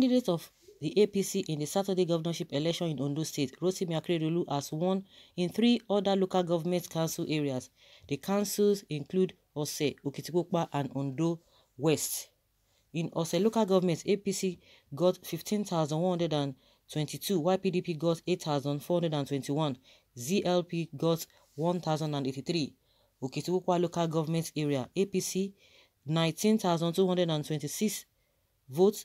candidate of the APC in the Saturday governorship election in Ondo State, Rotimi Akeredolu, has won in three other local government council areas. The councils include Ose, Okitipupa, and Ondo West. In Ose local government, APC got 15,122, YPDP got 8,421, ZLP got 1,083. Okitipupa local government area, APC 19,226 votes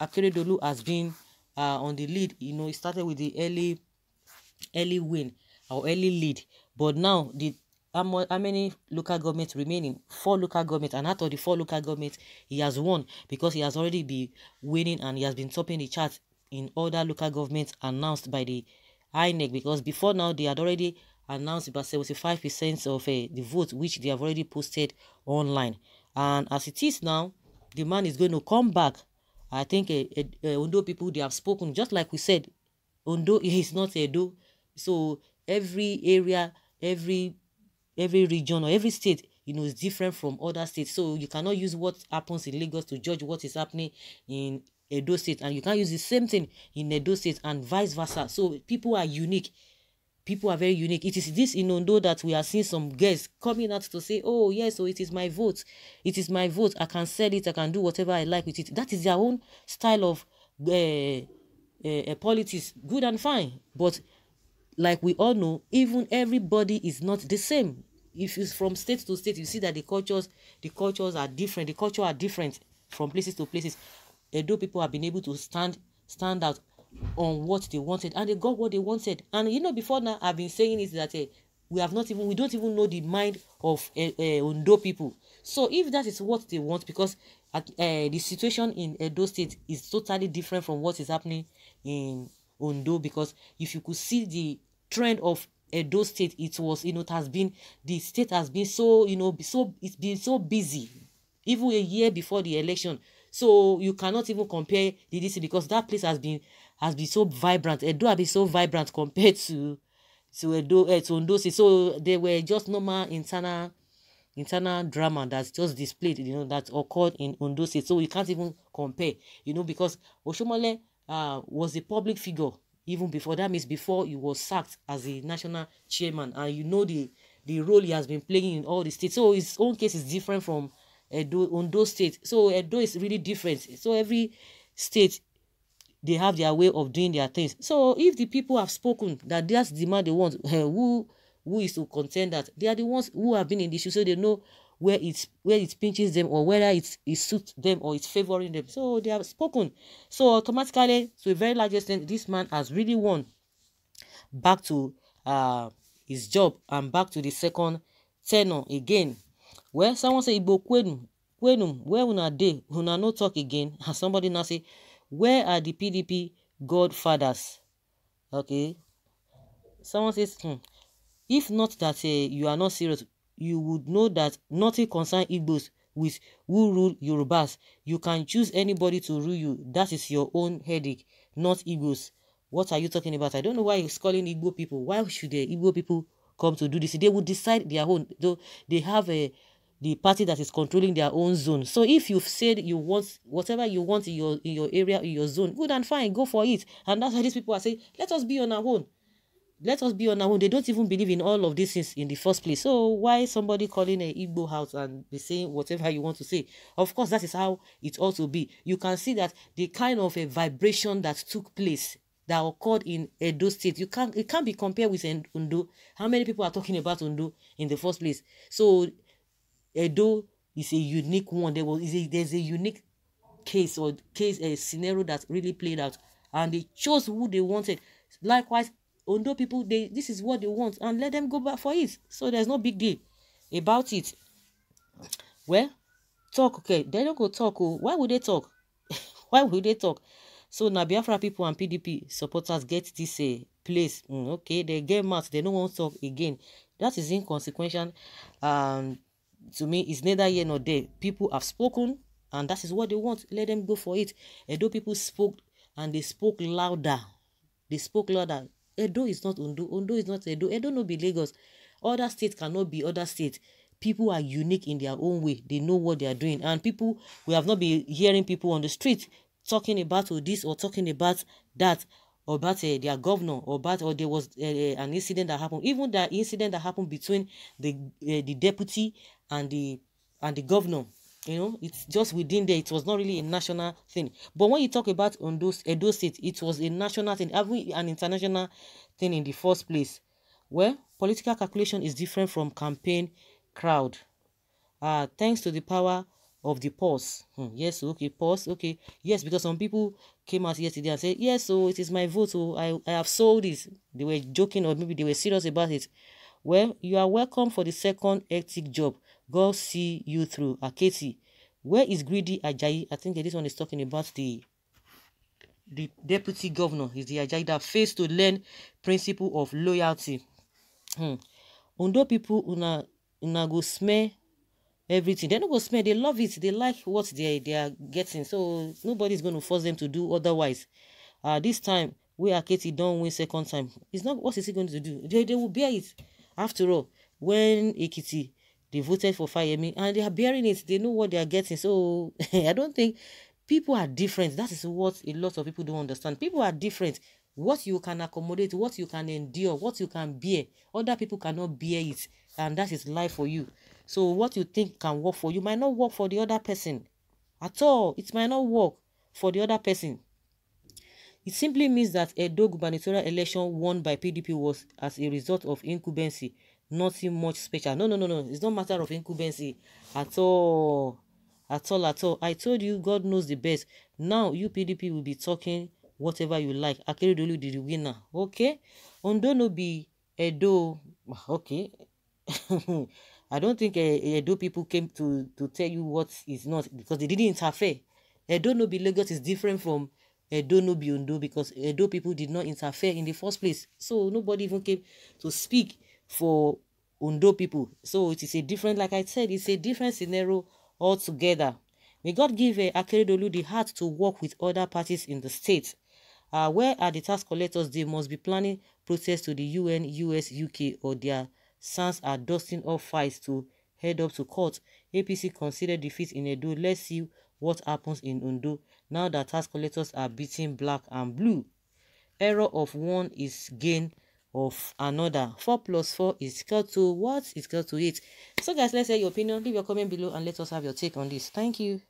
Akeredolu has been uh, on the lead. You know, it started with the early, early win or early lead, but now the how, how many local governments remaining? Four local governments, and out of the four local governments, he has won because he has already been winning and he has been topping the charts in other local governments announced by the INEC because before now they had already announced about 75% of uh, the votes which they have already posted online. And as it is now, the man is going to come back I think uh, uh, people they have spoken just like we said. Ondo is not Edo, so every area, every every region or every state you know is different from other states. So you cannot use what happens in Lagos to judge what is happening in Edo State, and you can't use the same thing in Edo State and vice versa. So people are unique people are very unique. It is this in that we are seeing some guests coming out to say, oh, yes, so oh, it is my vote. It is my vote. I can sell it. I can do whatever I like with it. That is their own style of uh, uh, uh, politics. Good and fine. But like we all know, even everybody is not the same. If it's from state to state, you see that the cultures, the cultures are different. The culture are different from places to places. Although people have been able to stand stand out on what they wanted and they got what they wanted and you know before now i've been saying is that uh, we have not even we don't even know the mind of uh, uh, Ondo people so if that is what they want because uh, the situation in Edo state is totally different from what is happening in Ondo because if you could see the trend of Edo state it was you know it has been the state has been so you know so it's been so busy even a year before the election so you cannot even compare the DC because that place has been has been so vibrant. Edo has been so vibrant compared to to Edo uh, to Ondo State. So they were just normal internal internal drama that's just displayed, you know, that occurred in Ondo State. So you can't even compare, you know, because Oshomole uh, was a public figure even before. That means before he was sacked as the national chairman, and you know the the role he has been playing in all the states. So his own case is different from Edo Ondo State. So Edo is really different. So every state they have their way of doing their things. So if the people have spoken that that's the man they want, eh, who who is to contend that they are the ones who have been in the issue, so they know where it's where it pinches them or whether it's it suits them or it's favoring them. So they have spoken. So automatically, to a very large extent, this man has really won back to uh his job and back to the second tenor again. Well, someone say Igbo Kwenum, Kwenum, where una dey? Una no talk again. And somebody now say where are the PDP godfathers? Okay. Someone says, hmm, if not that uh, you are not serious, you would know that nothing concerns Igbos with who rule Yorubas. You can choose anybody to rule you. That is your own headache, not Igbos. What are you talking about? I don't know why he's calling Igbo people. Why should the Igbo people come to do this? They will decide their own. Though they have a eh, the party that is controlling their own zone. So if you've said you want whatever you want in your in your area, in your zone, good and fine, go for it. And that's why these people are saying, let us be on our own. Let us be on our own. They don't even believe in all of these things in the first place. So why somebody calling a Igbo house and be saying whatever you want to say? Of course, that is how it ought to be. You can see that the kind of a vibration that took place that occurred in Edo State. You can't it can't be compared with Undo. How many people are talking about Undo in the first place? So Edo is a unique one. There was a, there's a unique case or case a scenario that really played out, and they chose who they wanted. Likewise, Ondo people, they this is what they want, and let them go back for it. So there's no big deal about it. Well, talk okay. They don't go talk. Oh, why would they talk? why would they talk? So na Biafra people and PDP supporters get this uh, place. Mm, okay, they get mad. They don't want to talk again. That is inconsequential. Um, to me it's neither here nor there people have spoken and that is what they want let them go for it edo people spoke and they spoke louder they spoke louder edo is not undo, ondo is not edo edo no be lagos other states cannot be other states people are unique in their own way they know what they are doing and people we have not been hearing people on the street talking about oh, this or talking about that or about uh, their governor or about or there was uh, an incident that happened even that incident that happened between the uh, the deputy and the and the governor you know it's just within there it was not really a national thing but when you talk about Ondo Edo State it was a national thing having an international thing in the first place well political calculation is different from campaign crowd uh thanks to the power of the pause hmm, yes okay pause okay yes because some people came out yesterday and said yes so it is my vote so I, I have sold this they were joking or maybe they were serious about it well you are welcome for the second hectic job God see you through. Akati, ah, where is Greedy Ajayi? I think this one is talking about the the deputy governor. Is the Ajayi that fails to learn principle of loyalty. Hmm. Ondo people una una go smear everything. They no go smear. They love it. They like what they they are getting. So nobody's going to force them to do otherwise. Uh, this time are Katie don't win second time. It's not what is he going to do? They, they will bear it. After all, when Ekiti they voted for Fayemi and they are bearing it. They know what they are getting. So I don't think people are different. That is what a lot of people don't understand. People are different. What you can accommodate, what you can endure, what you can bear, other people cannot bear it. And that is life for you. So what you think can work for you might not work for the other person at all. It might not work for the other person. It simply means that a Edo gubernatorial election won by PDP was as a result of incumbency nothing much special no no no no it's not matter of incumbency at all at all at all i told you god knows the best now you pdp will be talking whatever you like akeredolu be the winner okay ondo no be edo okay i don't think eh, eh, edo people came to to tell you what is not because they didn't interfere edo no be lagos is different from edo no be ondo because edo people did not interfere in the first place so nobody even came to speak for Undo people. So it is a different, like I said, it's a different scenario altogether. May God give uh, Akeredolu the heart to work with other parties in the state. Uh, where are the tax collectors? They must be planning protests to the UN, US, UK, or their sons are dusting off files to head up to court. APC considered defeat in Edo. Let's see what happens in Undo now that tax collectors are beating black and blue. Error of one is gain of another. 4 plus 4 is equal to what? Is equal to 8. So guys, let's say your opinion. Leave your comment below and let us have your take on this. Thank you.